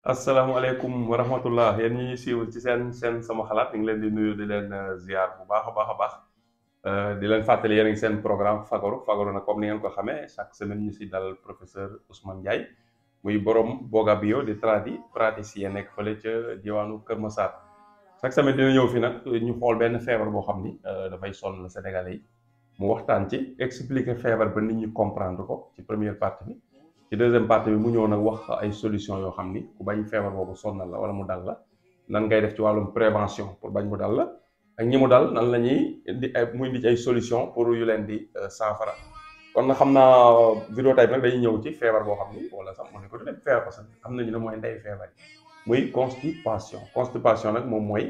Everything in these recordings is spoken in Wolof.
Assalamualaikum warahmatullahi rahmatullah ñi ci di nuyu eh, eh, di leen ziar bu baax di leen fàttali yéen seen programme comme ni ngeen ko xamee chaque semaine ñu si dal professeur Ousmane Ndiaye muy borom Boga di tradi praticien nekk fële ca diwaanu Kër Massar chaque semaine dina ñëw fi nag ñu xool benn feebar boo xam ni eh, dafay ci deuxième partie bi mu ñëw nag wax ay solution yoo xam ni ku bañ feebar boobu sonnal la wala mu dal la nan ngay def ci wàllum prévention pour bañ mu dal la ak ñi mu dal nan la ñuy di ay muy di ci ay solution pour yu leen di euh, saafara kon na xam naa euh, vidéo tey nag dañuy ñëw ci feebar boo xam ni wala sax mën ne ko di nekk feebar parce que xam nañu ne mooy ndey feebar muy constipation constipation nag moom mooy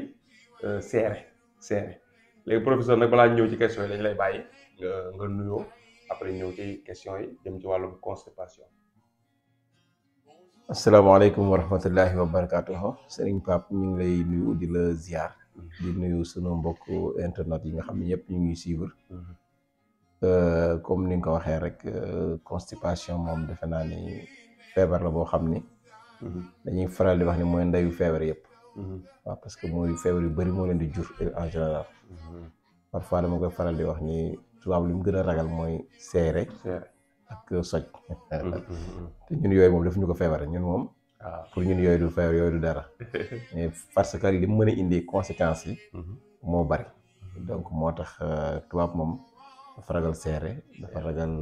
euh, seere seere léegi professeur nag balaa ñëw ci question yi dañ lay bàyyi nga nuyoo après ñëw ci question yi jëm ci wàllum constipation asalaamaaleykum wa rahmatullahi wa barakaatuhu sëriñ ñu ngi lay nuyu di la ziar di nuyu sunu mbokk internet yi nga xam ne ñëpp ñu ngi suivre euh, comme ni nga ko waxee rek euh, constipation moom defe naa ni feebar la boo xam ni dañuy faral di wax ni mooy ndeyu feebar yëpp waaw parce que mooy feebar yu bëri moo leen di jur en général mm-hmm. parfois dama koy faral di wax ni tubaab li mu gën a ragal mooy seere ak soj té ñun yooyu moom defuñu ko fébaré ñun mom ah. pour ñun yoy du fébar yoy du dara mais parce que li mëna indi conséquences yi mo bari donc motax tax mom euh, moom dafa ragal seere dafa ragal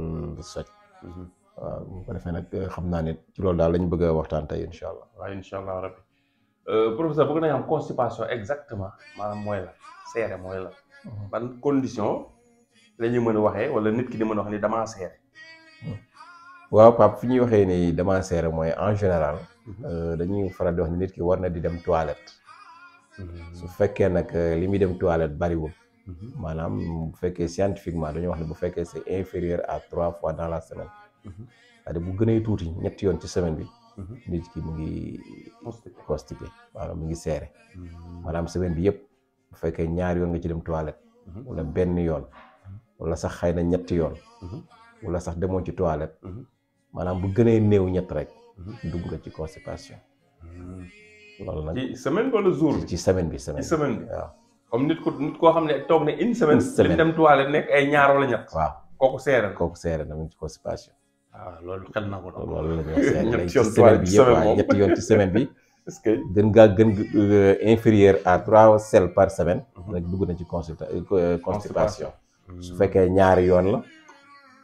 soj waaw bu ko defee nak euh, xamna naa ci lool daal lañ bëgg waxtaan tay inshallah wa inshallah rabbi euh professeur bëgg nañ am constipation exactement manam moy la séré moy la ban condition lañu mëna waxé wala nit ki di mëna wax ni dama séré waaw pap fi ñuy waxee ni dama seere mooy en général mhm. euh, dañuy faral di wax ni nit ki war na di dem toilette mhm. su fekkee nag euh, li muy dem toilette bariwul mhm. maanaam bu fekkee scientifiquement dañuy wax ne bu fekkee c'est inférieur à trois fois dans la semaine cest à bu gënee tuuti ñetti yoon ci semaine bi nit ki mu ngi constipé maanaam mu ngi seere maanaam semaine bi yëpp bu fekkee ñaari yoon nga ci dem toilette wala benn yoon wala sax xëy na ñetti yoon wala sax demoo ci toilette maanaam bu gënee néew ñett rek. Mhm. dugg nga ci constipation. Mhm. loolu nag ci semaine bi ci semaine bi semaine bi waaw. comme nit ko nit koo xam ne toog na une semaine. une semaine dem toilette nekk ay ñaar wala ñett. waaw kooku seere na kooku seere na ci constipation. waaw ah, loolu xel na ko loolu la ñuy wax ñetti yoon ci semaine bi. est que gën ngaa gën euh, inférieur à trois selles par semaine. rek mhm. dugg na ci euh, constipation. su fekkee ñaari yoon la.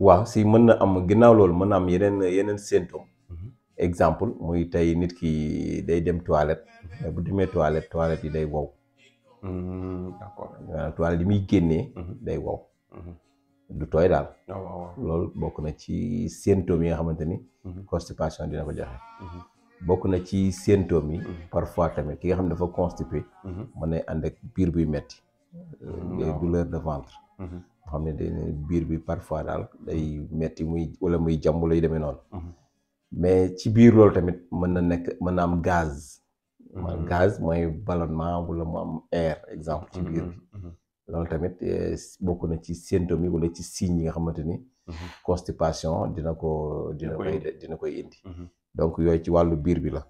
waaw si mën na am ginnaaw loolu mën na am yeneen yeneen mhm. exemple muy tey nit ki day dem toilette mhm. bu demee toilette toilette yi day wow hmm, d'accord toilette yi muy génnee mhm. day wow du tooy daal ah, loolu bokk na ci symptômes yi nga xamante ni constipation dina ko joxe bokk na ci symptômes yi parfois tamit ki nga xam ne dafa constipé mën na ànd ak biir buy metti ah. douleur de ventre xam ne dañ biir bi parfois daal day metti muy wala muy jàmm lay demee noonu. Mhm. mais ci biir loolu tamit mën na nekk mën na am gaz. Mhm. maanaam gaz mooy ballonnement wala mu am air exemple ci biir mhm. bi. loolu tamit eh, bokk na ci symptômes yi wala ci signes yi nga xamante ni. constipation dina ko dina koy dina koy indi. donc yooyu ci wàllu biir bi la.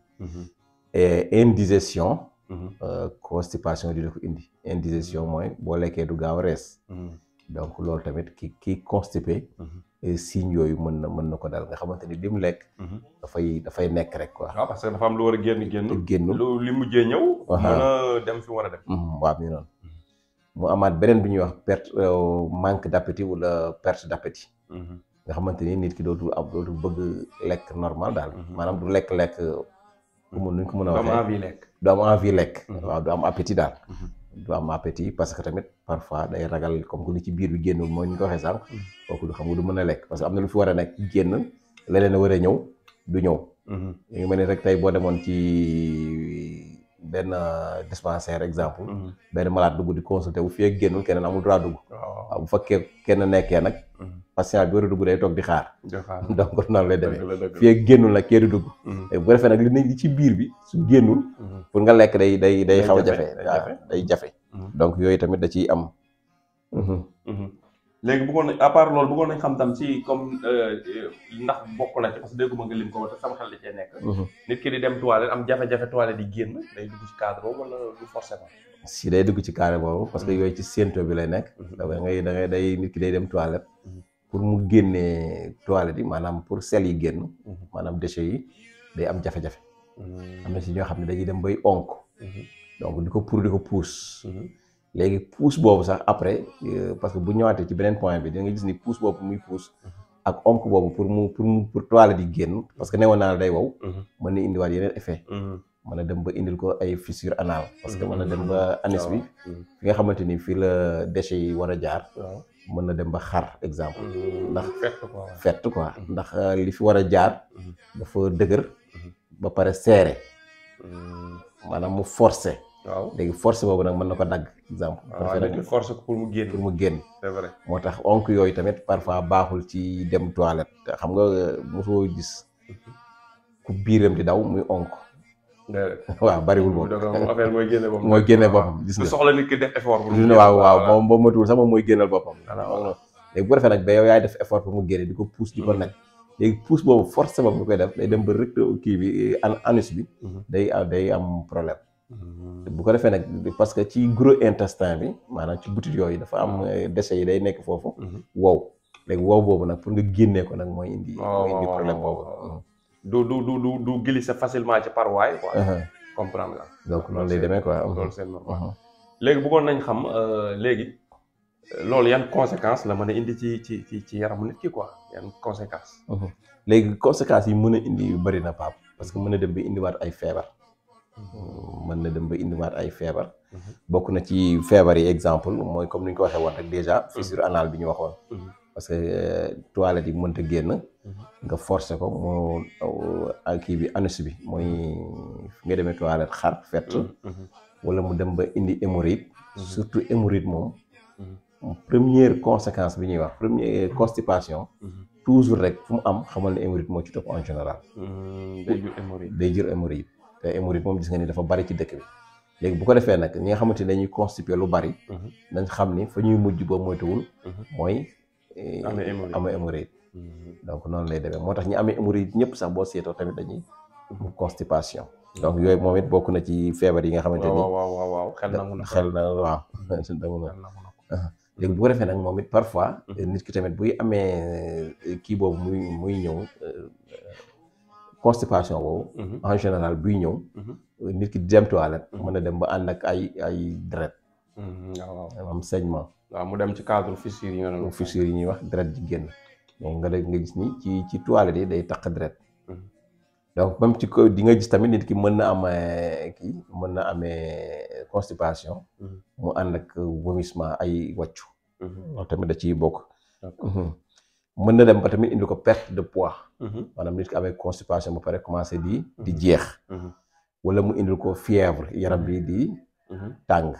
et indigestion. Euh, constipation dina ko indi indigestion mooy boo lekkee du gaaw a rees. donc loolu tamit ki ki constipé. Mhm. Eh, signes yooyu mën na mën na ko daal nga xamante ni li mu lekk. Mhm. dafay dafay nekk rek quoi. waaw ah, parce que dafa am lu war a génn génn. génn lu li mujjee ñëw. mën a dem fi mu war a dem. Mm, waa mi mhm. mu amaat beneen bi ñuy wax perte euh, manque d'appétit wala perte d'appétit. nga xamante ni nit ki dootul ab dootul bëgg lekk normal daal. maanaam du lekk lekk. Euh, pour mu nu ko mën a waxee du am lekk. du am envie lekk. waaw du am appétit daal. du am appétit parce que tamit parfois day ragal comme que lu ci biir bi génnul mooy ñu ko waxee sànq. Mm. kooku du xam nga du mën a lekk parce que am na lu fi war a nekk génn leneen a war a ñëw du ñëw. ñu mm-hmm. ngi mel ni rek tey boo demoon ci benn dispensaire exemple. Mm-hmm. benn malade dugg di consulter bu fi génnul keneen amul droit dugg. waaw bu fekkee kenn nekkee nag. Mm-hmm. patient bi war a dugg day toog di xaar donc noonu lay demee fii ak génnul nag kee di dugg mm-hmm. bu defee nag li ci biir bi su mm-hmm. pour nga lekk day day day xaw a jafe waaw day jafe mm-hmm. donc yooyu tamit da ciy am léegi bëggoon nañ à part loolu bëggoon nañ ci comme euh, ndax bokk na ci parce que dégguma ko wala sama xel nit ki di dem toilette am jafe-jafe toilette di génn day dugg wala du forcément. si day dugg ci cadre boobu parce que yooyu ci séento bi lay nekk. da day nit day dem toilette. pour mu guenné toilette manam pour sel yi génn manam mhm. déchets yi day am jafe-jafe mhm. am ci si ñoo xam dañuy dem bay onk mhm. donc diko pour diko pousse légui pousse bobu sax après euh, parce que bu ñëwaatee ci benen point bi da nga gis ni pousse bobu muy pousse ak onk bobu pour mu pour mu pour toilette yi parce que newoon day waw man wow indi na indiwaat yeneen effet mana dem ba indil ko ay fissure anal, parce que mana dem ba anus bi fi nga xamanteni fi la déchets yi wara jaar mën na dem ba xar exemple mm-hmm. ndax fett quoi mm-hmm. ndax euh, li fi war a jaar mm-hmm. dafa dëgër ba pare seere maanaam mu forcé léegi force boobu nag mën na ko dagg exemple ah, force pour mu pour mu génn moo tax onk yooyu tamit parfois baaxul ci dem toilette xam nga euh, mosoo gis ku biiram di daw muy onk waaw bariwul moom affaire mooy génne boppam mooy génne boppam waaw waaw moom boo matul sax moom mooy génnal boppam léegi bu defee nag ba yow yaay def effort pour mu génne di ko pousse di ko mhm. nag léegi pousse boobu force boobu koy def day dem ba kii bi anus bi mhm. day am problème mhm. bu ko defee nag parce que ci gros intestin bi maanaam ci butit yooyu dafa am ah. eh, déchets yi day nekk foofu wow léegi wow boobu nag pour nga génnee ko nag mooy indi oh, mooy indi problème boobu du du du du du glissé facilement ci parois yi quoi. Uh-huh. comprendre la. donc noonu lay demee quoi. loolu uh-huh. seen normal uh-huh. léegi bëggoon nañ xam euh, léegi loolu yan conséquence la mën a indi ci ci ci ci yaramu nit ki quoi yan conséquence léegi conséquences yi mën a indi yu bëri na Pape parce que mën a dem ba indiwaat ay feebar. mën na dem ba indiwaat ay feebar. bokk na ci feebar yi exemple mooy comme ni ñu ko waxee woon rek déjà fissure anale bi ñu waxoon. parce que euh, toilette yi mënta génn mhm. nga forcé ko mu euh, kii bi anus bi mooy nga demee toilette xar fett mhm, mhm. wala mu dem ba indi hémorroïde surtout hémorroïde moom première conséquence bi ñuy wax première constipation toujours rek fu mu am xamal ne hémorroïde moo ci topp en général day jur hémorroïde day jur te hémorroïde moom gis nga ni dafa bari ci dëkk bi léegi bu ko defee nag ñi nga xamante ne dañuy constipé lu bari dañ xam ni fa ñuy mujj boo moytuwul mooy Eh, amé hémorroïde mm-hmm. donc non lay motax ñi amé hémorroïde ñëpp sax bo séto tamit dañuy mm-hmm. constipation mm-hmm. donc yoy momit ci fièvre yi nga waaw waaw xel na xel na waaw bu ko parfois nit ki tamit buy amé eh, ki bobu muy muy ñëw eh, constipation boobu en général buy ñëw nit ki dem toilette mën dem ba ak ay ay am saignement waaw mu dem ci cadre fissure yi nga wax fissure yi ñuy wax deret ji génn donc nga nga gis ni ci ci toilette yi day taq deret hmm. donc même ci ko di nga gis tamit nit ki mën na am eh, kii mën na amee eh, constipation. Hmm. mu ànd ak vomissement ay wàccu. Hmm. tamit da ciy bokk. mën na dem ba tamit indi ko perte de poids. maanaam nit ki amee constipation ba pare commencé di. di jeex. wala mu indil ko fièvre yaram bi di. tàng.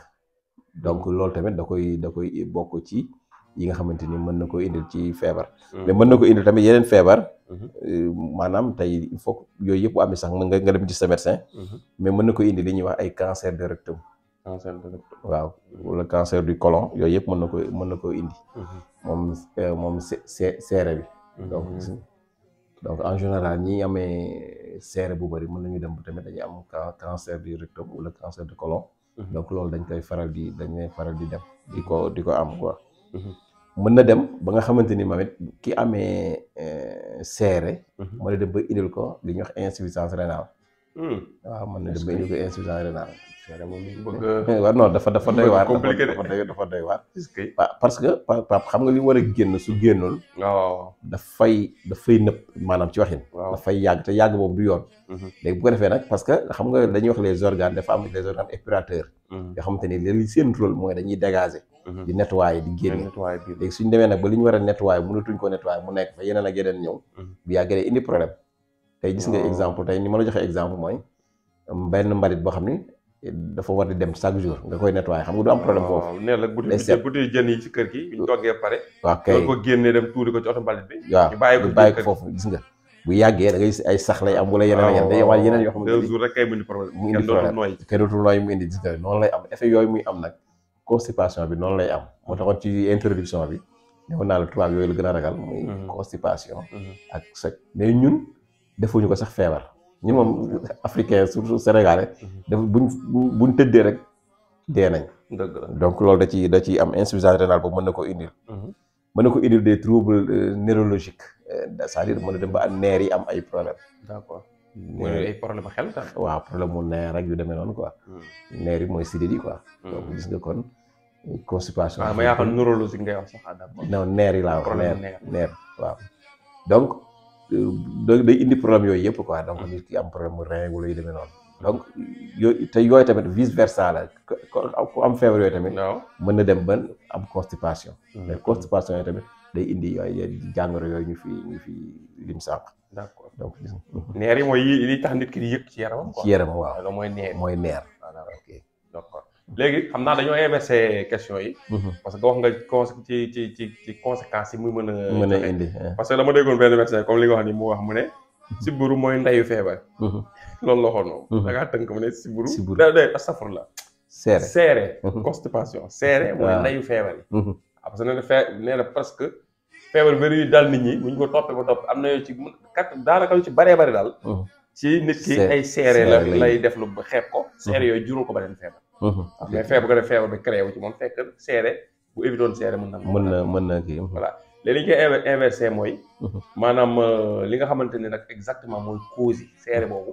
donc loolu tamit da koy da koy bokk ci yi nga xamante ni mën na ko indil ci feebar. Mm. mais mën na ko indi tamit yeneen feebar. Mm-hmm. Euh, maanaam tey il faut yooyu yëpp bu amee sax nga nga dem ci sa médecin. Mm-hmm. mais mën na ko indil li ñuy wax ay cancer de rectum. cancer waaw wala cancer du côlon yooyu yëpp mën na ko mën na ko indi. Mm-hmm. moom euh, moom see seere bi. donc en général ñi amee seere bu bëri mën na ñu dem bu tamit dañuy am cancer du rectum wala cancer du côlon. Mhm. donc loolu dañ koy faral di dañ koy faral di dem di ko di ko am quoi. Mhm. mën na dem ba nga xamante ni moom it ki amee euh, seere. Mhm. mën na dem ba indil ko li ñuy wax insuffisance rénale. Hmm. waaw mën na dem ba indil ko insuffisance rénale. waaw non dafa dafa doy waar dafa doy waar parce que pap xam nga li war a génn su génnoon oh. dafay dafay nëpp maanaam ci waxin dafay yàgg te yàgg boobu du yoon mhm. léegi bu ko defee nag parce que xam nga dañuy wax les organes dafa am les organes épurateurs mhm. yoo xamante seen rôle mooy dañuy dégager mhm. di nettoyer di génne léegi suñ demee nag ba li ñu war a nettoyer mënatuñ ko nettoyer mu nekk fa yeneen ak yeneen ñëw bu yàggee day indi problème tey gis nga oh. exemple tey ni ma la joxee exemple mooy benn mbalit boo xam ni dafa war di dem chaque jour nga koy nettoyer xam nga du am problème ah, foofu nee la butéel jën yi ci kër gi ñu toggee pare waaw kay bàyyi ko foofu gis nga bu yàggee da ay sax lay am wala yeneen yeneen day yeneen yoo mu indi problème nga noonu lay am effet yooyu muy am nag constipation bi noonu lay am moo taxoon ci introduction bi newoon naa la tubaab yooyu la gën a ragal muy mhm. constipation mhm. ak sec mais ñun defuñu ko sax feebar ñi moom africain surtout sénégalais dafa buñ buñ tëddee rek dee nañ. dëgg donc loolu da ci da ciy am insuffisance rénale boobu mën na ko indil. Mhm. mën na ko indil des troubles euh, neurologiques euh, c'est-à-dire mën dem ba am neer yi am ay problèmes. d'accord mooy ay problème xel tam. waaw problème mu neer rek yu demee noonu quoi. Mhm. neer yi mooy sidit yi quoi. Mhm. gis nga kon constipation. waaw ah, nga yaakaar neurologique ngay wax sax. Ah, neer yi laa wax neer neer day indi problème yooyu yëpp quoi donc mm. nit ki am problème mu rein wala yu demee noonu donc yooyu te yooyu tamit vice versa la ku am feebar yooyu tamit mën na dem ban am constipation mm. mais constipation yooyu tamit day indi yooyu jàngoro yooyu ñu fi ñu fi lim sànq d'accord donc mm-hmm. neer yi mooy li tax nit ki di yëg ci yaramam waaw mooy neer mooy neer d'accord léegi xam naa dañoo inversé question yi. Mhm. parce que wax nga cons ci ci ci ci conséquences yi muy mën a. mën indi parce que dama déggoon benn comme li ni mu wax mu ne. Mhm. sibbiru mooy ndeyu feebar. Mhm. loolu la waxoon moom. da ngaa tënk mu ne sibbiru. la. seere seere. constipation seere mooy ah. ndeyu feebar yi. Ah, parce que nee na fee nee feebar bëri yi daal nit ñi bu ñu ko toppee ba topp am na yoo ci mun kat daanaka lu ci baree bari daal. ci nit ki ay seere la lay def lu xeeb ko. seere yooyu juróom ko ba leen feebar. mais feebar ko def feebar bi créé ci moom fekk seere bu évitoon seere mën na mën na mën na kii voilà léegi li ñu koy inversé mooy maanaam euh, li nga xamante ne nag exactement mooy yi seere boobu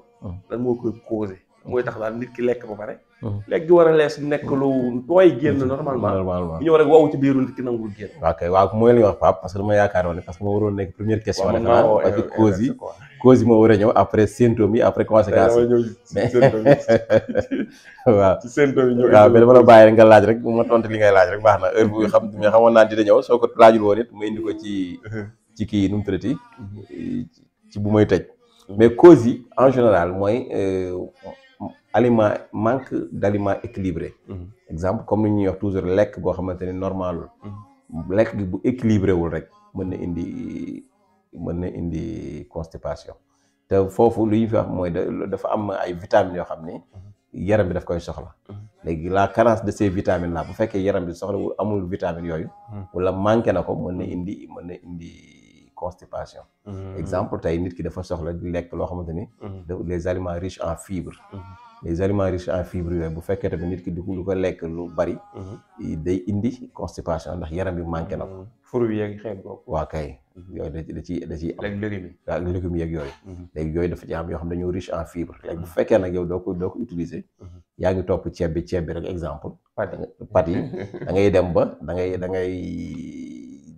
lan moo koy causé mooy tax daal nit ki lekk ba pare. Mhm. lekk gi war a lees nekk lu tooy génn mhm. normalement. normalement ñëw rek wow ci biiru nit ki nangul génn. waaw kay waaw mooy li nga wax Pape parce que dama yaakaaroon ne parce que moo waroon nekk première question. waaw waaw parce que eh, eh, cause yi war ñëw après symptômes yi après conséquences yi. waaw. ci symptômes yi bàyyi nga laaj rek ma tontu li ngay laaj rek baax na heure bu xam mais xamoon naa ñëw soo ko laajul woon it ma indi ko ci uh-huh. kii nu mu uh-huh. ci bu mooy tëj. mais cause yi en général mooy. Euh, aliment manque d'aliments équilibrés. équilibré. exemple comme ni ñuy wax toujours lekk goo xamante normal, normalul lekk gi bu équilibré wul rek mën na indi mën indi constipation te foofu lu ñu fi wax mooy dafa am ay vitamines yoo xam yaram bi daf koy soxla. léegi la carence de ces vitamines là bu fekkee yaram bi soxla wul amul vitamines yoyu wala manké nako ko mën na indi mën na indi. constipation exemple tay nit ki dafa soxla di lekk loo xamante mhm. les aliments riches en fibres mhm les aliments riches en fibres bu fekkee tamit nit ki du ko lekk lu bari. Mhm. day indi constipation ndax yaram bi manqué na ko. Mhm. fruits yi yeeg xeet boobu. waaw kay yooyu da da ciy da ciy. léegi légumes yi waaw légumes yeeg yooyu. Mhm. léegi yooyu dafa ci am yoo xam dañoo riche en fibres. léegi bu fekkee nag yow doo ko doo ko utiliser. yaa ngi topp ceeb bi ceeb bi rek exemple. pat yi da ngay dem ba da ngay da ngay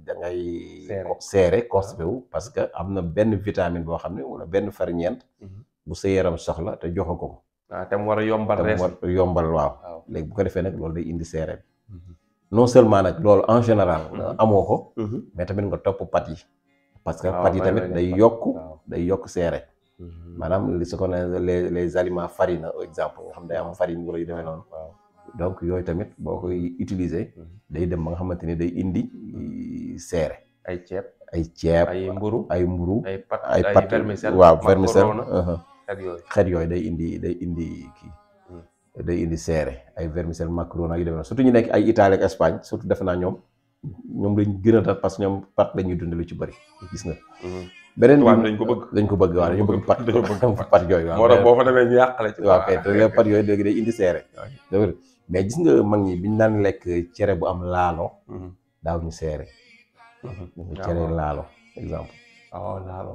da ngay. seere ah. constipé wu parce que am na benn vitamine boo xam ne wala benn ferñeent. bu sa yaram soxla te joxe ko. ah te mu war a yombal res yombal waaw. léegi bu ko defee nag loolu day indi seere bi mhm. non seulement nag loolu en général. Mhm. amoo ko. Mhm. mais tamit nga topp pat yi. parce que ah, pat yi tamit day yokk day yokk seere. maanaam li su ko nee les les aliments farine exemple nga xam day am farine wala yu demee noonu. donc yooyu tamit boo koy utiliser. day dem ba nga xamante ni day indi euh, seere. ay ceeb ay ceeb ay mburu ay mburu ay pat ay pat waaw vermicelle. xet yooyu day indi day indi kii hmm. day indi seere ay vermicelle macaron ak yu demee surtout ñu nekk ay Italie ak Espagne surtout defe naa ñoom ñoom lañ gën a tax parce que ñoom pat lañuy dund lu ci bëri gis nga hmm. beneen bi dañ ko bëgg dañ ko bëgg waaw dañu bëgg pat pat yooyu waaw moo tax boo fa demee ñu yàqale ci waaw kay te pat yooyu léegi day indi seere mais gis nga mag ñi biñ daan lekk cere bu am laalo hmm. daaw ñu seere cere laalo exemple oh, laalo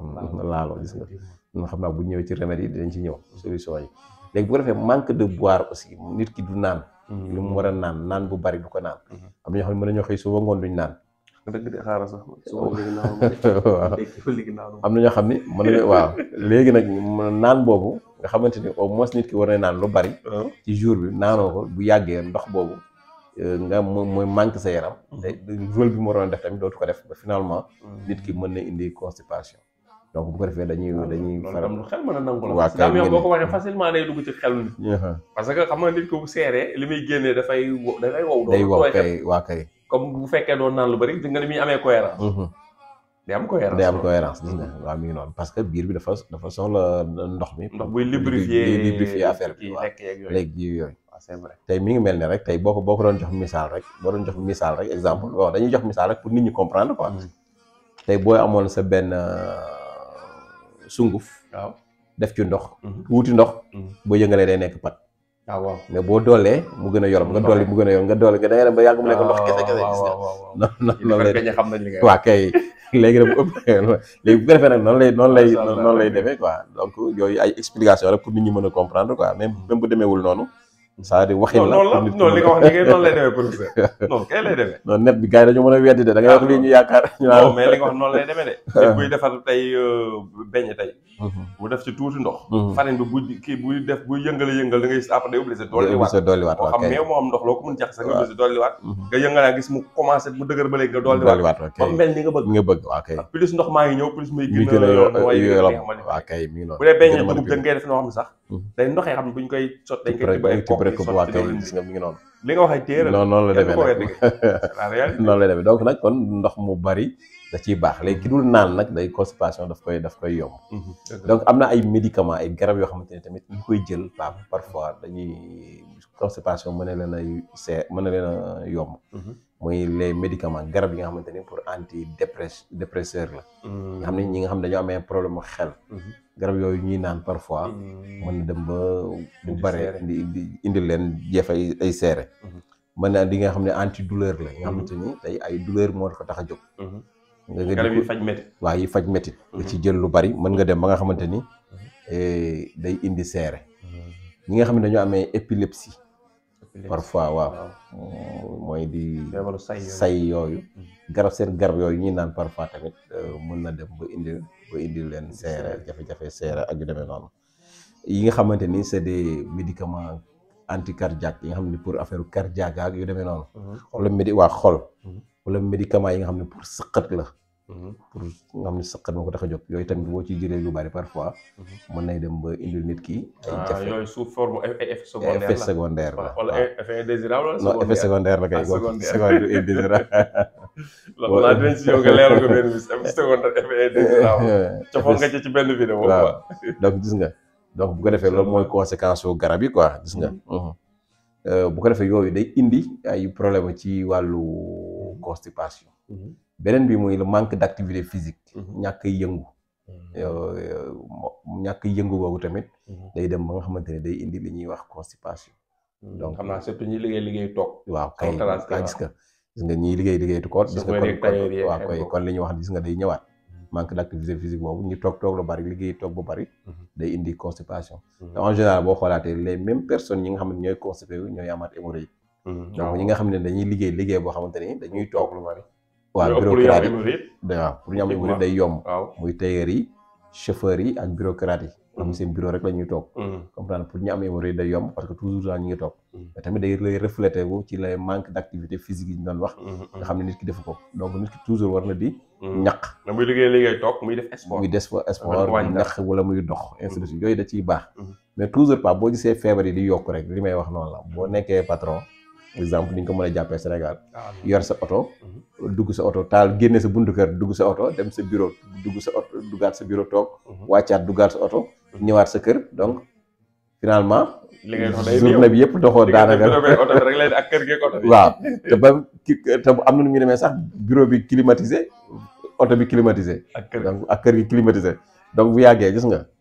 laalo gis nga non xam naa bu ñëwee ci remède yi dinañ ci ñëw solution yi léegi bu ko defee manque de boire aussi nit ki du naan mm-hmm. lu mu war a naan naan bu bari du ko naan mm-hmm. am ñoo xam ne mën nañoo xëy suba ngoon duñ naan dëgg de xaaral sax oh. waaw am na ñoo xam ne mën na waaw léegi nag naan boobu nga xamante ni au moins nit ki war na naan lu bari oh. ci jour bi naanoo ko bu yàggee ndox boobu euh, nga mooy manque sa yaram mm-hmm. te rôle bi mu waroon def tamit dootu ko def ba finalement nit ki mën na indi constipation donc bu ko defee dañuy dañuy faral loolu xel mën a nangu la parce que am yow boo ko w dafay kay waa kay comme bu fekkee doon naan lu bari di nga ni muy amee cohérence day am cohérence day am cohérence gis nga ngi noonu parce que biir bi dafa dafa soxla ndox mi ndox buy lubrifier lubrifier affaire bi waaw léegi yooyu c'est vrai ngi mel ne rek tey boo ko boo ko doon jox misaal rek boo doon jox misaal rek exemple bon dañuy jox misaal rek pour nit ñi comprendre quoi tey booy amoon sa benn euh, sunguf waaw def ci ndox tuuti mhm. ndox mhm. boo yëngalee day nekk pat waaw ah, waaw mais boo doolee mu gën a yorom nga doole mu gën a yor nga doole nga da ngay ba yàgg mu nekk ndox kese kese gis nga ah, noonu xam nañ li nga waaw kay léegi nag bu ëpp léegi bu defee nag noonu lay noonu lay noonu lay defee quoi donc yooyu ay explication rek pour nit ñi mën a comprendre quoi même même bu demeewul noonu c'est-à-dire waxin la non li nga wax ni noonu lay demee professeur non kay lay demee. non net bi gars yi dañu mën a weddi de da ngay wax lii ñu yaakaar. ñu naan non mais li nga wax noonu lay demee de. te buy defar tey euh, beñ tey. Mhm. mu def ci tuuti ndox. Mhm. farine bi bu kii buy def buy yëngale yëngal da ngay après day obligé dolliwaat day obligé moo xam meew moo am ndox loo ko mën jax sax nga obligé dolliwaat. Mhm. nga yëngalaa gis mu commencé mu dëgër ba léegi nga dolliwaat. ba mu mel ni nga bëgg nga bëgg waaw kay. plus ndox maa ngi ñëw plus muy gën a yoolal waaw kay mi ngi noonu bu dee beñ dugub da ngay def noo xam ne sax day ndoxee xam ne bu ñu koy sot dañ koy rek ko waa tey gis nga mi ngi noonu. li nga wax ay téere non noonu la demee noonu la demee donc nag kon ndox mu bari da ciy baax léegi ki dul naan nag day constipation daf koy daf koy yomb. Mhm. donc am na ay médicaments ay garab yoo xamante ne tamit ñu koy jël par parfois dañuy constipation mën na leen a see mën na leen a yomb. Mhm. mooy les médicament garab yi nga xamante ni pour anti dépress dépresseur la. Mm-hmm. nga xam ne ñi nga xam ne dañoo amee problème mu xel. Mm-hmm. garab yooyu ñuy naan parfois. Mm-hmm. mën na dem ba bu bare di indil leen jeef ay ay seere. mën naa di nga xam ne anti douleur la. nga xamante ni tey ay douleur moo ko tax a jog nga faj métti. waaw yi faj nga ci jël lu bari mën nga dem ba nga xamante ni eh, day indi seere. ñi nga xam ne dañoo amee épilepsie. parfois waaw mooy di say yooyu mm-hmm. garab seen garab yooyu ñuy naan parfois tamit euh, mën na dem ba indi ba indi leen seere jafe-jafe seere ak yu demee noonu yi nga xamante ni c'est des médicaments anticardiaque yi nga xam ne pour affaire cardiaque ak yu demee noonu mm-hmm. wala médi waa mm-hmm. wala médicament yi nga xam ne pour sëqat la pour mm-hmm. mm-hmm. nga xam ne saqat moo ko tax jot yooyu tamit boo ci jëlee lu bari parfois. Mm-hmm. mën nay dem ba indil nit ki. ay ah, jafe yooyu sous forme ay effet secondaire la effet secondaire la wala effet indésirable wala secondaire non effet la kay. Ah, secondaire nga leeral ci benn vidéo. waaw donc gis nga. donc bu ko defee loolu mooy conséquence su garab yi quoi gis nga. Euh, bu ko defee yooyu day indi ay problème ci wàllu constipation. beneen bi mooy le manque d' activité physique. Mhm. ñàkk yëngu. Mhm. ñàkk yëngu boobu tamit. Mhm. day dem ba nga xamante ne day indi li ñuy wax constipation. donc xam naa surtout ñi liggéey liggéey toog. waaw kay gis nga gis nga ñi liggéey liggéey toog. gis nga kon waaw koy li ñuy wax gis nga day ñëwaat. manque d' activité physique boobu ñu toog toog lu bari liggéey toog bu bari. day indi constipation. te en général boo xoolaatee les mêmes personnes ñi nga xam ne ñooy constipé wu ñooy amaat hémorroïde. donc ñi ah. nga xam ne dañuy liggéey liggéey boo xamante ni dañuy toog lu bari. waaw bureaucrate yi waaw pour ñu am hybride day yomb. muy tailleur yi chauffeur yi ak bureaucrate yi. am mm. seen bureau rek la ñuy toog. Mm. comprendre pour ñu am hybride day yomb parce que toujours daal ñu ngi toog. Mm. mais tamit day lay reflété ci lay manque d' activité physique yi ñu wax. nga xam ne nit ki def ko donc nit ki toujours war na di. ñaq na muy liggéey liggéey toog def sport muy def ñaq wala muy dox. ainsi yooyu da ciy baax. mais toujours pas boo gisee feebar yi di yokk rek li may wax noonu la boo nekkee patron. exemple ni nga ko mën a jàppee Sénégal ah, yor sa oto mhm. dugg sa oto taal génne sa buntu kër dugg sa oto dem sa bureau dugg sa oto duggaat sa bureau toog mhm. wàccaat duggaat sa oto mhm. ñëwaat sa kër donc finalement journée bi yëpp doxoo daanaka waaw te ba te am na nu ñu demee sax bureau bi climatisé oto bi climatisé ak kër gi climatisé donc bu yàggee gis nga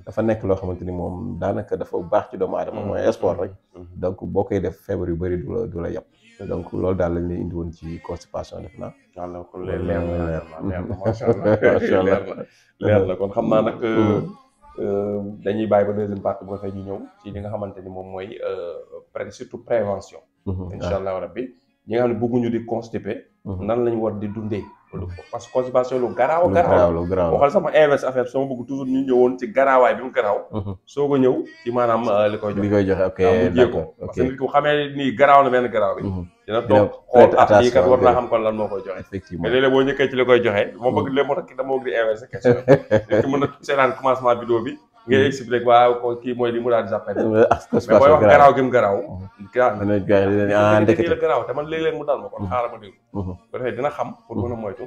Mhm. dafa nekk loo xamante ni moom daanaka dafa baax ci doomu aadama mooy mhm. sport rek mhm. donc boo koy def feebar yu bëri du la du la yàpp donc loolu daal lañ lay woon ci constipation def naa walla ah, kon na leer na macha na kon xam naa nag euh, euh, dañuy bàyyi ba deuxième partie bu ko fee ñu ñëw ci li nga xamante ni moom mooy euh, pré surtout prévention incha ah. allah rabbi ñi nga xam ne bëgguñu di constipé nan lañ war di dundee parce que constipation lu garaaw garaaw lu garaaw waxal sama invest affaire sama bëgg toujours ñu ñëwoon ci garaawaay bi mu garaaw mhm. soo ko ñëw ci maanaam euh, li koy joxe li koy xamee nii garaaw na benn garaaw bi mhm. dina toog xool ak ah, kat war naa xam kon lan moo koy joxe effectivement mais léeg-léeg boo ñëkkee ci li koy joxe moo bëgg mhm. léegi moo tax dama bëgg di invest question nit ki mën a seetaan commencement vidéo bi ngay expliqué waaw kii mooy li mu daal mu garaaw. garaaw gi mu garaaw gi ah ndekete garaaw te man ma kon xaaral ma déglu. pour a moytu.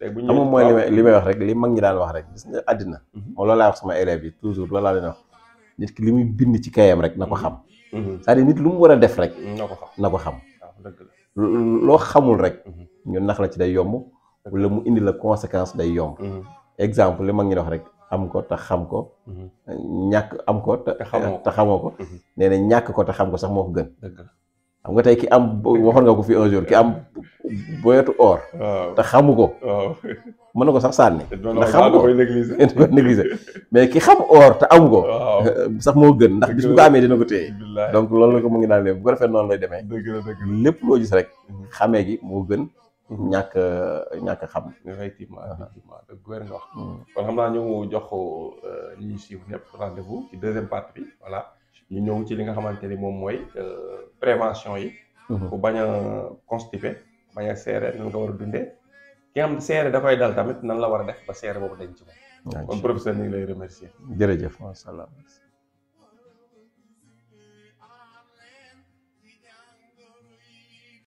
léegi bu ñu xamul mooy li may wax rek li mag ñi daan wax rek gis nga àddina. moom loolu laa wax sama élèves yi toujours loolu laa leen wax nit ki li muy bind ci kayam rek na ko xam. cest à nit lu mu war a def rek. na ko xam na ko xam. loo xamul rek. ñu nax la ci day yomb. wala mu indi la conséquence day yomb. exemple li mag ñi wax rek am ko te xam ko. Mhm. ñàkk am ko te. te xamoo ko mhm. nee na ñàkk ko te xam ko sax moo ko gën. xam nga tey ki am waxoon nga ko fi un jour ki am boyetu or. te xamu ko. mën na ko sax sànni. ndax xamu ko négliger mais ki xam or te amu ko. sax moo gën ndax bis bu ko amee dina ko téye. donc loolu la ko mu ngi naan leen bu ko defee noonu lay demee. lépp loo gis rek. Mhm. xamee gi moo gën. ñàkk ñàkk xam. effectivement effectivement dëgg wér nga wax. kon xam naa ñu jox euh, ñi ñu suivre ñëpp rendez-vous deuxième partie bi ñu ñëw ci li nga xamante ni moom mooy euh, prévention yi. ku mm-hmm. bañ a constipé bañ a seere nan nga war a dundee ki nga xam seere da koy dal tamit nan la war a def ba seere boobu dañ ci moom. kon professeur ñu lay remercier. jërëjëf macha allah.